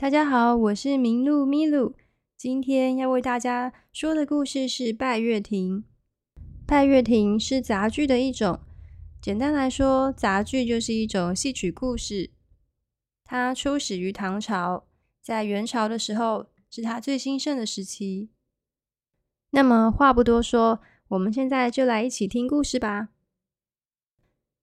大家好，我是鳴鹿 Milu，今天要為大家說的故事是拜月亭《拜月亭》。《拜月亭》是雜劇的一種。簡單來說，雜劇就是一種戲曲故事。它初始於唐朝，在元朝的時候是它最興盛的時期。那麼話不多說，我們現在就來一起聽故事吧。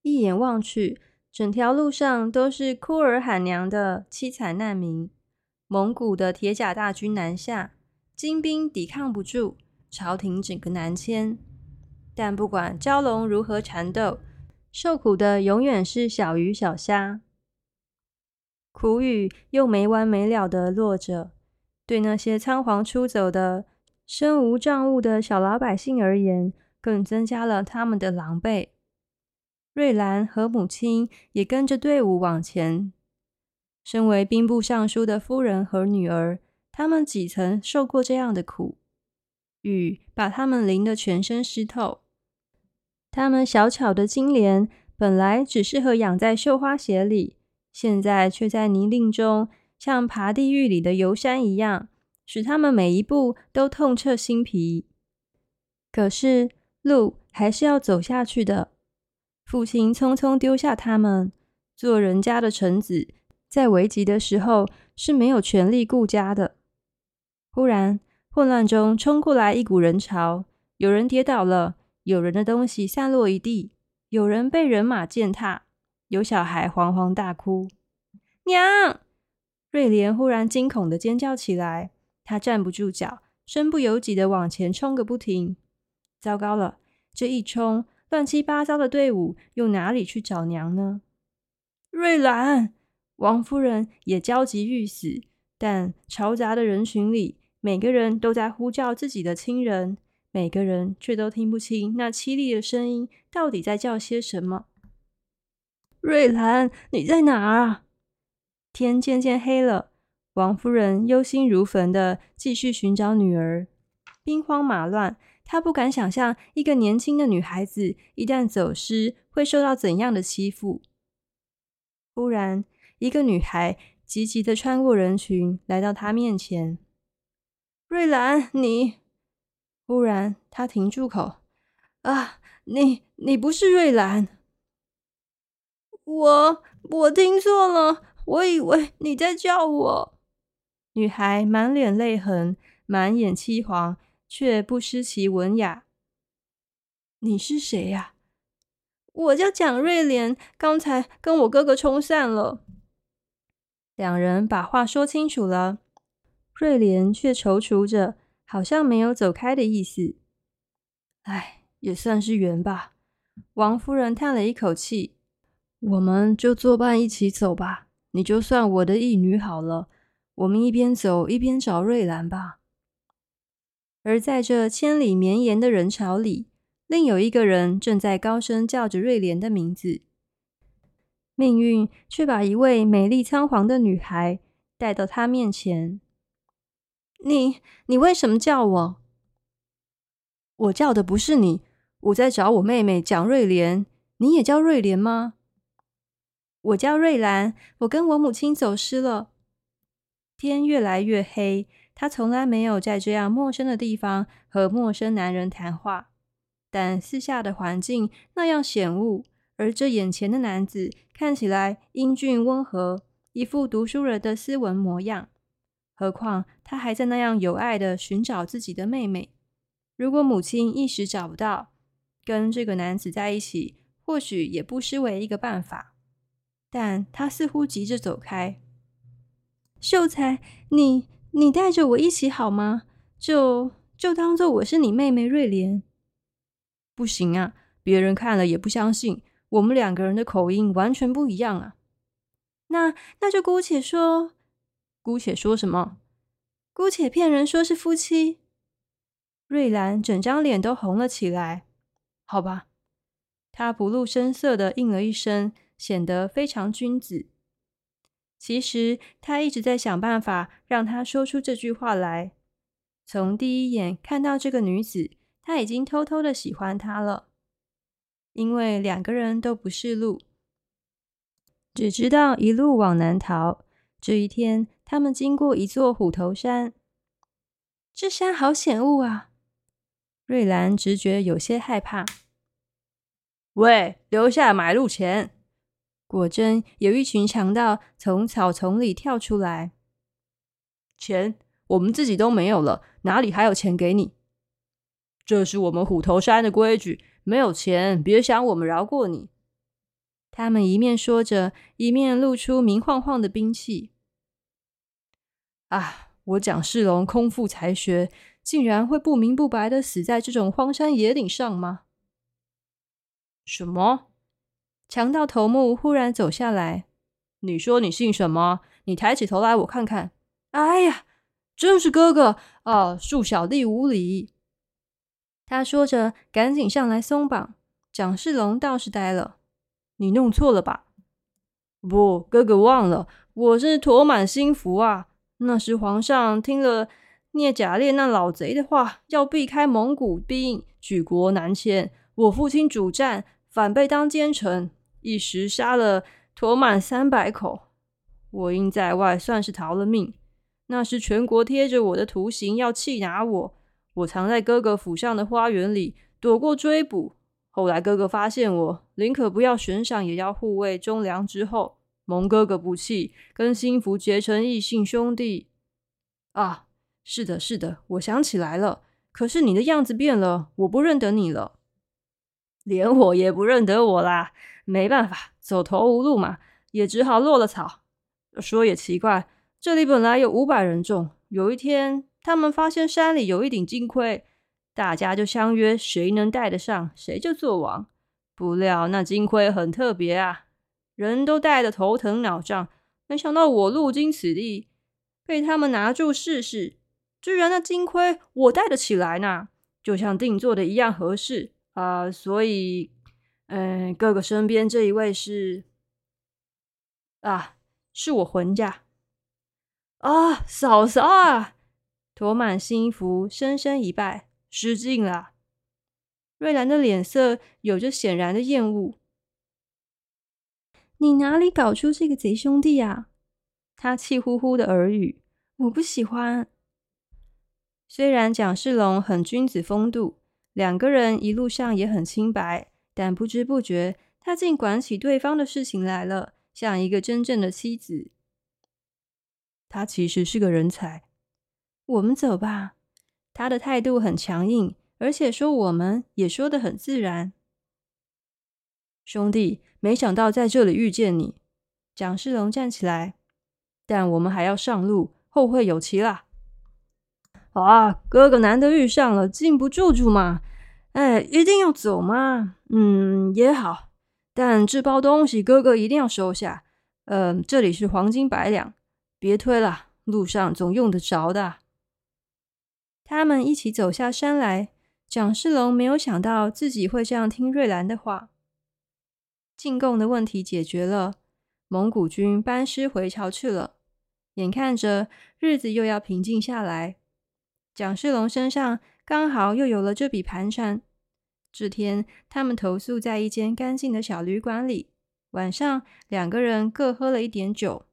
一眼望去，整條路上都是哭兒喊娘的淒慘難民。蒙古的鐵甲大軍南下，金兵抵抗不住，朝廷整個南遷。但不管蛟龍如何纏鬥，受苦的永遠是小魚小蝦。苦雨又沒完沒了的落着，對那些倉皇出走的、身無長物的小老百姓而言，更增加了他們的狼狽。瑞蘭和母親也跟着隊伍往前。身為兵部尚書的夫人和女兒，他們幾曾受過這樣的苦？雨把他們淋得全身濕透。他們小巧的金蓮本來只適合養在繡花鞋裡，現在卻在泥濘中像爬地獄裡的油山一樣，使他們每一步都痛徹心脾。可是路還是要走下去的。父親匆匆丟下他們，做人家的臣子。在危急的時候是沒有權力顧家的。忽然，混亂中衝過來一股人潮，有人跌倒了，有人的東西散落一地，有人被人馬踐踏，有小孩惶惶大哭。娘！瑞蓮忽然驚恐地尖叫起來，她站不住腳，身不由己地往前衝個不停。糟糕了，這一衝，亂七八糟的隊伍又哪裡去找娘呢？瑞蘭。王夫人也焦急欲死，但嘈雜的人群裡，每個人都在呼叫自己的親人，每個人卻都聽不清那淒厲的聲音到底在叫些什麼。瑞蘭，你在哪兒啊？天漸漸黑了，王夫人憂心如焚地繼續尋找女兒。兵荒馬亂，她不敢想象一個年輕的女孩子一旦走失，會受到怎樣的欺負。忽然。一個女孩急急地穿過人群，來到她面前。瑞蘭，你！忽然，她停住口：“啊，你……你不是瑞蘭？我……我聽錯了，我以為你在叫我。”女孩滿臉淚痕，滿眼淒惶，卻不失其文雅。“你是誰呀、啊？”“我叫蔣瑞蓮，剛才跟我哥哥衝散了。”兩人把話說清楚了，瑞蓮卻躊躇着，好像沒有走開的意思。哎，也算是緣吧。王夫人嘆了一口氣：“我們就作伴一起走吧，你就算我的義女好了。我們一邊走一邊找瑞蘭吧。”而在這千里綿延的人潮裡，另有一個人正在高聲叫着瑞蓮的名字。命運卻把一位美麗倉皇的女孩帶到他面前。你，你為什麼叫我？我叫的不是你，我在找我妹妹蔣瑞蓮。你也叫瑞蓮嗎？我叫瑞蘭，我跟我母親走失了。天越來越黑，她從來沒有在這樣陌生的地方和陌生男人談話。但四下的環境那樣險惡。而這眼前的男子看起來英俊溫和，一副讀書人的斯文模樣。何況他還在那樣友愛的尋找自己的妹妹。如果母親一時找不到，跟這個男子在一起，或許也不失為一個辦法。但他似乎急着走開。秀才，你你帶着我一起好嗎？就就當做我是你妹妹瑞蓮。不行啊，別人看了也不相信。我們兩個人的口音完全不一樣啊，那那就姑且說，姑且說什麼？姑且騙人說是夫妻？瑞蘭整張臉都紅了起來。好吧，他不露聲色的應了一聲，顯得非常君子。其實他一直在想辦法讓他說出這句話來。從第一眼看到這個女子，他已經偷偷的喜歡她了。因為兩個人都不識路，只知道一路往南逃。這一天，他們經過一座虎頭山，這山好險惡啊！瑞蘭直覺有些害怕。喂，留下買路錢！果真有一群強盜從草叢裡跳出來。錢，我們自己都沒有了，哪裡還有錢給你？這是我們虎頭山的規矩。沒有錢，別想我們饒過你。他們一面說着，一面露出明晃晃的兵器。啊！我蔣世龍空腹才學，竟然會不明不白的死在這種荒山野嶺上嗎？什麼？強盜頭目忽然走下來，你說你姓什麼？你抬起頭來，我看看。哎呀，真是哥哥啊！恕、呃、小弟無禮。他說着，趕緊上來鬆綁。蔣世龍倒是呆了：“你弄錯了吧？不，哥哥忘了，我是陀滿興福啊。那時皇上聽了聶賈列那老賊的話，要避開蒙古兵，舉國南遷。我父親主戰，反被當奸臣，一時殺了陀滿三百口。我因在外，算是逃了命。那時全國貼着我的圖形，要緝拿我。”我藏在哥哥府上的花園裡，躲過追捕。後來哥哥發現我，寧可不要懸賞，也要護衛忠良。之後蒙哥哥不棄，跟興福結成異姓兄弟。啊，是的，是的，我想起來了。可是你的樣子變了，我不認得你了。連我也不認得我啦。沒辦法，走投無路嘛，也只好落了草。說也奇怪，這裡本來有五百人眾，有一天，他們發現山裡有一頂金盔，大家就相約，誰能戴得上，誰就做王。不料那金盔很特別啊，人都戴得頭疼腦脹。沒想到我路經此地，被他們拿住試試，居然那金盔我戴得起來呢，就像定做的一樣合適啊、呃！所以，嗯、呃，哥哥身邊這一位是啊，是我渾家啊，嫂嫂啊。陀滿興福，深深一拜，失敬了。瑞蘭的臉色有着顯然的厭惡。你哪裡搞出這個賊兄弟啊？他氣呼呼的耳語：“我不喜歡。”雖然蔣世龍很君子風度，兩個人一路上也很清白，但不知不覺，他竟管起對方的事情來了，像一個真正的妻子。他其實是個人才。我們走吧。他的態度很強硬，而且說我們也說得很自然。兄弟，沒想到在這裡遇見你。蔣世龍站起來，但我們還要上路，後會有期啦。好啊，哥哥難得遇上了，禁不住住嘛。哎，一定要走嗎？嗯，也好。但這包東西，哥哥一定要收下。嗯、呃，這裡是黃金百兩，別推了，路上總用得着的。他們一起走下山來。蔣世龍沒有想到自己會這樣聽瑞蘭的話。進貢的問題解決了，蒙古軍班師回朝去了。眼看着日子又要平靜下來，蔣世龍身上剛好又有了這筆盤纏。這天，他們投宿在一間乾淨的小旅館裡。晚上，兩個人各喝了一點酒。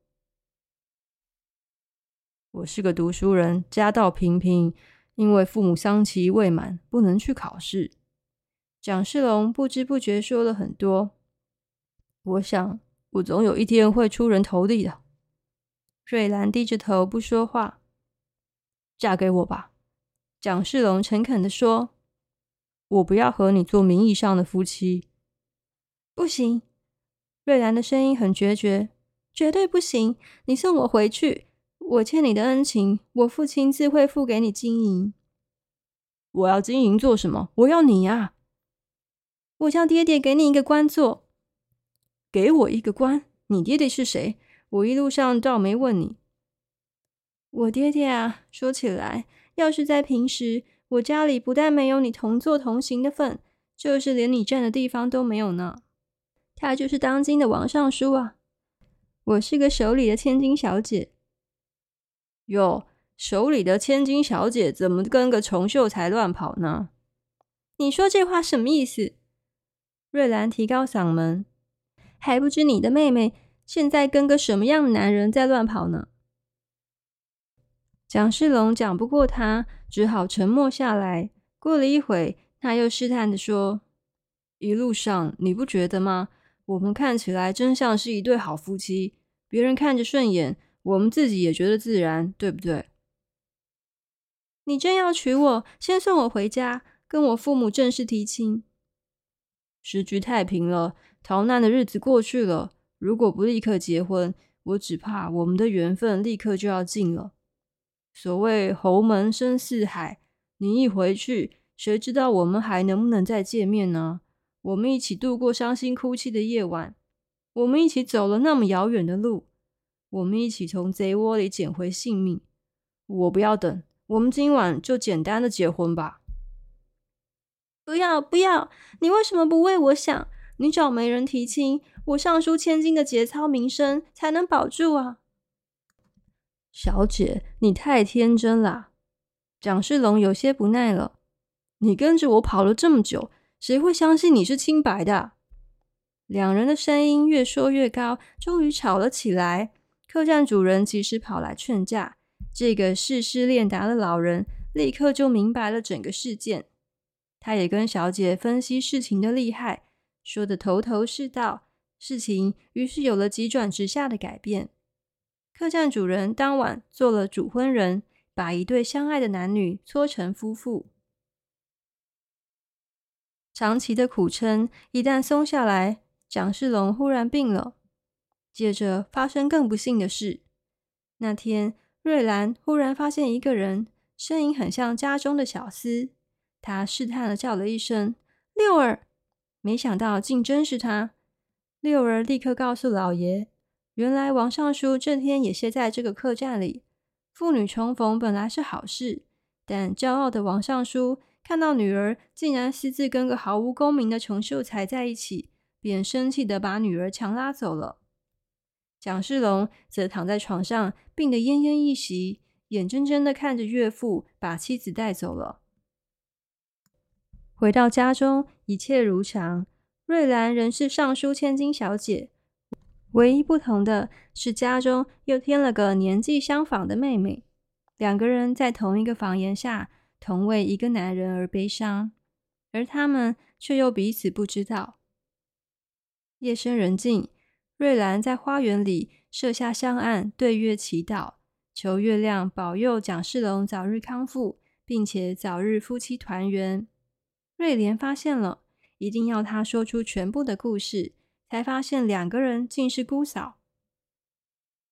我是個讀書人，家道平平。因為父母喪期未滿，不能去考試。蔣世龍不知不覺說了很多。我想，我總有一天會出人頭地的。瑞蘭低着頭不說話。嫁給我吧，蔣世龍誠懇地說。我不要和你做名義上的夫妻。不行！瑞蘭的聲音很決絕，絕對不行！你送我回去。我欠你的恩情，我父親自會付給你金銀。我要金銀做什麼？我要你呀、啊！我叫爹爹給你一個官做，給我一個官。你爹爹是誰？我一路上倒沒問你。我爹爹啊，說起來，要是在平時，我家裡不但沒有你同坐同行的份，就是連你站的地方都沒有呢。他就是當今的王尚書啊！我是個手裡的千金小姐。喲，Yo, 手裡的千金小姐怎麼跟個窮秀才亂跑呢？你說這話什麼意思？瑞蘭提高嗓門，還不知你的妹妹現在跟個什麼樣的男人在亂跑呢？蔣世龍講不過他，只好沉默下來。過了一會，他又試探地說：“一路上你不覺得嗎？我們看起來真像是一對好夫妻，別人看着順眼。”我們自己也覺得自然，對不對？你真要娶我，先送我回家，跟我父母正式提親。時局太平了，逃難的日子過去了。如果不立刻結婚，我只怕我們的緣分立刻就要盡了。所謂“侯門深似海”，你一回去，誰知道我們還能不能再見面呢？我們一起度過傷心哭泣的夜晚，我們一起走了那麼遙遠的路。我們一起從賊窩裡撿回性命。我不要等，我們今晚就簡單的結婚吧。不要不要！你為什麼不為我想？你找媒人提親，我尚書千金的節操名聲才能保住啊！小姐，你太天真了。蔣世龍有些不耐了。你跟着我跑了這麼久，誰會相信你是清白的？兩人的聲音越說越高，終於吵了起來。客棧主人及時跑來勸架，這個世事練達的老人立刻就明白了整個事件。他也跟小姐分析事情的厲害，說得頭頭是道。事情於是有了急轉直下的改變。客棧主人當晚做了主婚人，把一對相愛的男女撮成夫婦。長期的苦撐一旦鬆下來，蔣世隆忽然病了。接着發生更不幸的事。那天，瑞蘭忽然發現一個人身影很像家中的小廝，她試探的叫了一聲“六兒”，沒想到竟真是他。六兒立刻告訴老爺，原來王尚書這天也歇在這個客棧裡。父女重逢本來是好事，但驕傲的王尚書看到女兒竟然私自跟個毫無功名的窮秀才在一起，便生氣的把女兒強拉走了。蔣世隆則躺在床上，病得奄奄一息，眼睜睜的看着岳父把妻子帶走了。回到家中，一切如常，瑞蘭仍是尚書千金小姐，唯一不同的是，家中又添了個年紀相仿的妹妹。兩個人在同一個房檐下，同為一個男人而悲傷，而他們卻又彼此不知道。夜深人靜。瑞蘭在花園裡設下香案，對月祈禱，求月亮保佑蔣世隆早日康復，並且早日夫妻團圓。瑞蓮發現了，一定要他說出全部的故事，才發現兩個人竟是姑嫂。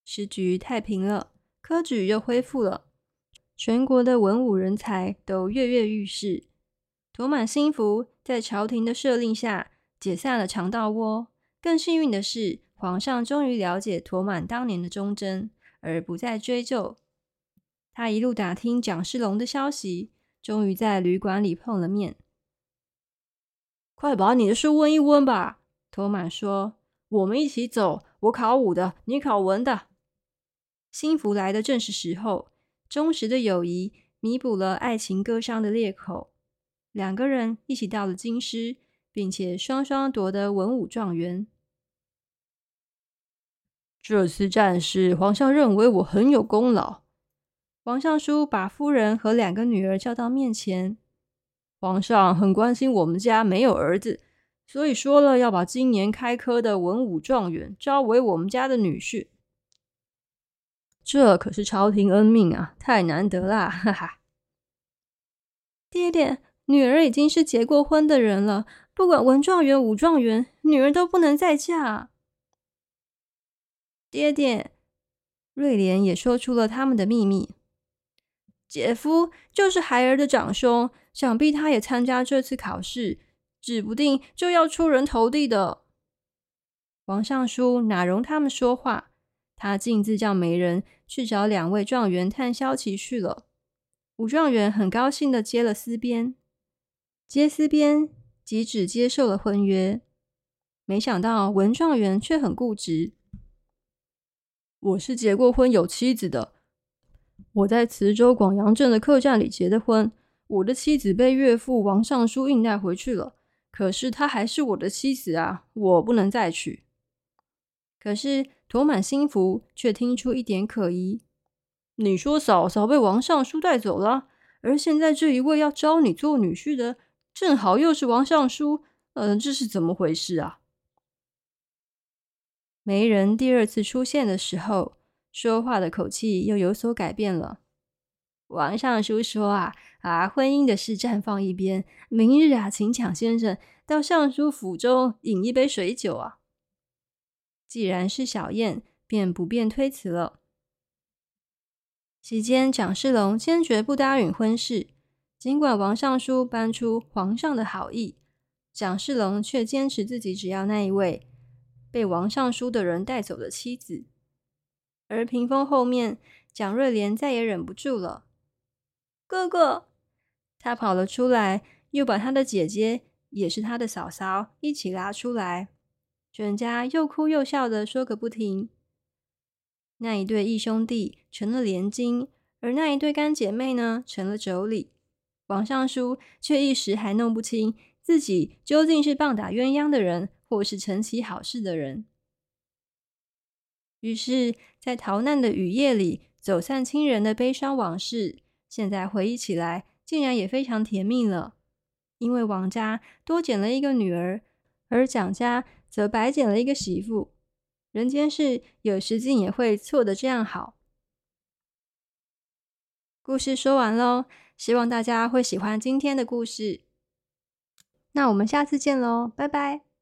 時局太平了，科舉又恢復了，全國的文武人才都躍躍欲試。陀滿興福在朝廷的赦令下，解散了強盜窩。更幸運的是，皇上終於了解陀滿當年的忠貞，而不再追究。他一路打聽蔣世龍的消息，終於在旅館裡碰了面。快把你的書溫一溫吧，陀滿說。我們一起走，我考武的，你考文的。幸福來的正是時候，忠實的友誼彌補了愛情割傷的裂口。兩個人一起到了京師，並且雙雙奪得文武狀元。這次戰事，皇上認為我很有功勞。王尚書把夫人和兩個女兒叫到面前。皇上很關心我們家沒有兒子，所以說了要把今年開科的文武狀元招為我們家的女婿。這可是朝廷恩命啊，太難得啦！哈哈，爹爹，女兒已經是結過婚的人了，不管文狀元、武狀元，女兒都不能再嫁。爹爹，瑞蓮也說出了他們的秘密。姐夫就是孩兒的長兄，想必他也參加這次考試，指不定就要出人頭地的。王尚書哪容他們說話？他徑自叫媒人去找兩位狀元探消息去了。武狀元很高興的接了絲鞭，接絲鞭即指接受了婚約。沒想到文狀元卻很固執。我是結過婚有妻子的，我在磁州廣陽鎮的客棧裡結的婚，我的妻子被岳父王尚書硬帶回去了，可是她還是我的妻子啊，我不能再娶。可是陀滿興福，卻聽出一點可疑。你說嫂嫂被王尚書帶走了，而現在這一位要招你做女婿的，正好又是王尚書，嗯，這是怎麼回事啊？媒人第二次出現的時候，說話的口氣又有所改變了。王尚書說啊：“啊啊，婚姻的事暫放一邊，明日啊，請蔣先生到尚書府中飲一杯水酒啊。既然是小宴，便不便推辭了。”席間，蔣世龍堅決不答應婚事，盡管王尚書搬出皇上的好意，蔣世龍卻堅持自己只要那一位。被王尚書的人帶走的妻子，而屏風後面，蔣瑞蓮再也忍不住了。哥哥，他跑了出來，又把他的姐姐，也是他的嫂嫂，一起拉出來，全家又哭又笑的說個不停。那一對義兄弟成了連襟，而那一對乾姐妹呢，成了妯娌。王尚書卻一時還弄不清自己究竟是棒打鴛鴦的人或是成其好事的人，於是，在逃難的雨夜裡，走散親人的悲傷往事，現在回憶起來，竟然也非常甜蜜了。因為王家多撿了一個女兒，而蔣家則白撿了一個媳婦。人間事有時竟也會錯得這樣好。故事說完嘍，希望大家會喜歡今天的故事。那我們下次見嘍，拜拜。